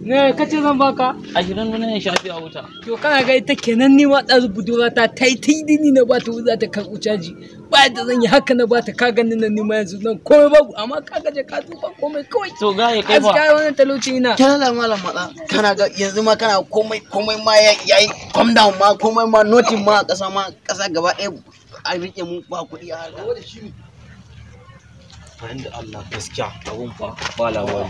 ne kace zan baka ashirin ne shafi a wuta to kana ga ita kenan ni ma ɗazu budura ta ta yi ta yi dini na bata wuza ta karɓi caji ba da zan yi haka na ba ta, ka ganin nan ni ma yanzu nan komai babu amma ka gaje ka tuba komai kawai to ga ya kai ba aska wannan talauci ina kana da malam matsa kana ga yanzu ma kana komai komai ma yayi calm down ma komai ma notin ma ƙasa ma ƙasa gaba ɗaya a rike mu ba kuɗi a haka tsakanin da Allah gaskiya abun fa ba labari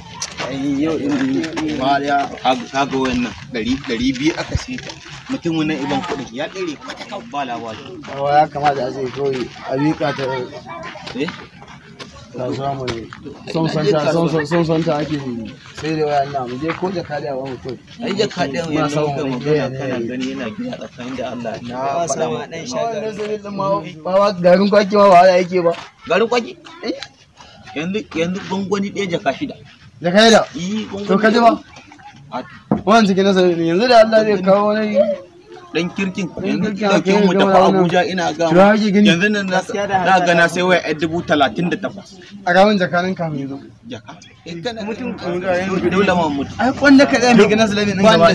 ai yau din mariya Kaga wannan dari biyu aka sita mutum wannan iban kudin ya dare kwata ka ba labari ba ya kamata a ce kawai a miƙa ta eh ne son son ta ake yi sai da waya na mu je ko da kadiya wa mutum ai da kadiya ya san ka magana kana gani yana gida tsakanin da Allah na fada ma dan shagari ba garin kwaki ma ba yake ba garin kwaki eh? yanzu gwangwani ɗaya jaka shida jaka shida to ka ji ba wannan ciki nasa yanzu da Allah zai kawo wani dan kirkin yanzu mu tafi Abuja ina ga yanzu nan na ga na sai waya 1038 a rawun jakanin ka eh, mai jaka mutum dole ma mutum ai Wanda ka zai mega nasu labin nan gaba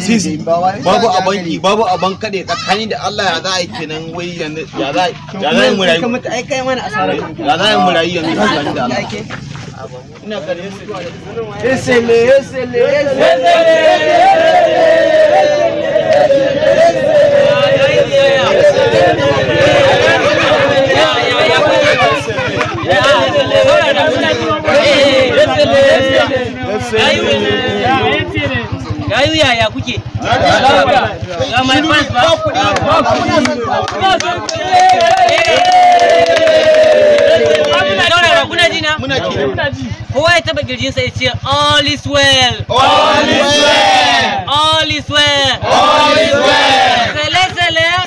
babu a banki babu a banka ne tsakani da Allah ya za a yi kenan wai ya za ya za mu rayu kuma ai kai mana asara ya za mu rayu yanzu da Allah ina ganin su esele esele esele Gayu yaya kuke? Ga my fans ba. Saurara kuna ji na? Kowa ya taba girjinsa ya ce all is well. All is well. is All is Sele sele.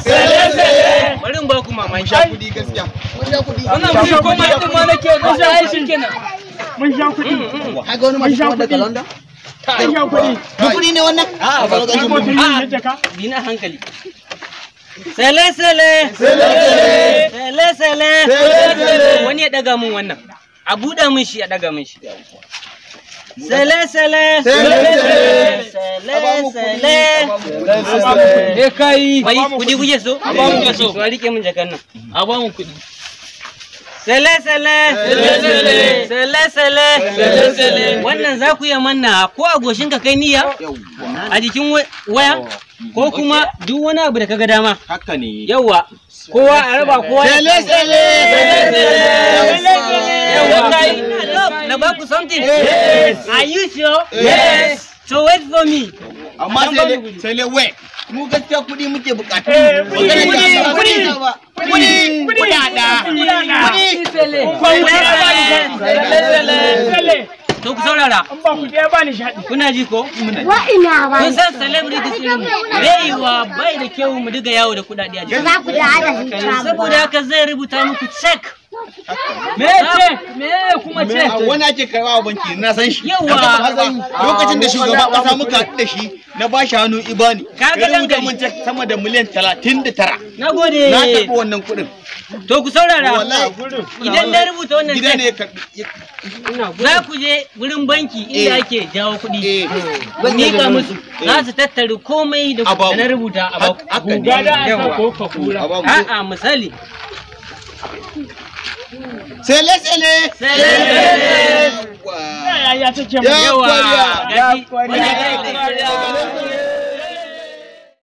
Sele sele. sha gaskiya. Mun sha Wannan ita ma sha aishin kenan. Mun sha Ka ga wani daga London? Mun sha ne wannan? A'a ah, ba A'a ah, hankali. Sele sele. Sele sele. Sele sele. Sele sele. Wani ya mun wannan. A buɗe mun shi ya mun shi. Sele sele. Sele sele. Eh, sele kai. kudi so? mu Sele sele. Sele sele. Sele sele. Wannan za ku iya manna ko a goshin ka kai niyya? A jikin waya? Ko kuma duk wani abu da kaga dama? Haka ne. Yawwa. Kowa a raba kowa. Sele sele. Sele sele. Yawwa kai. Na ba ku something? Are you sure? Yes. So wait for me. amma sai le we mu gaskiya kuɗi muke bukatu eh, kuɗi kuɗi kuɗi kuɗaɗa kuɗi sele sele to ku saurara in ba ku je ba ni shaɗi kuna ji ko wa ina ba kun san celebrity din baiwa bai da kyau mu diga yawo da kuɗaɗe a jiki za ku da hada saboda haka zai rubuta muku check me ce me kuma ce wani ake karba a banki na san shi yawa lokacin da shugaba samu muka da shi na ba shi hannu ibani kaga dan gari mun sama da miliyan talatin da tara, na tafi wannan kuɗin. to ku saurara idan na rubuta wannan gida ne za ku je wurin banki inda eh. ake jawo kuɗi eh. ni ga musu eh. za su tattara komai da na rubuta a baku a'a misali Sele-sele! Sele-sele! Yawa! ya Yawa!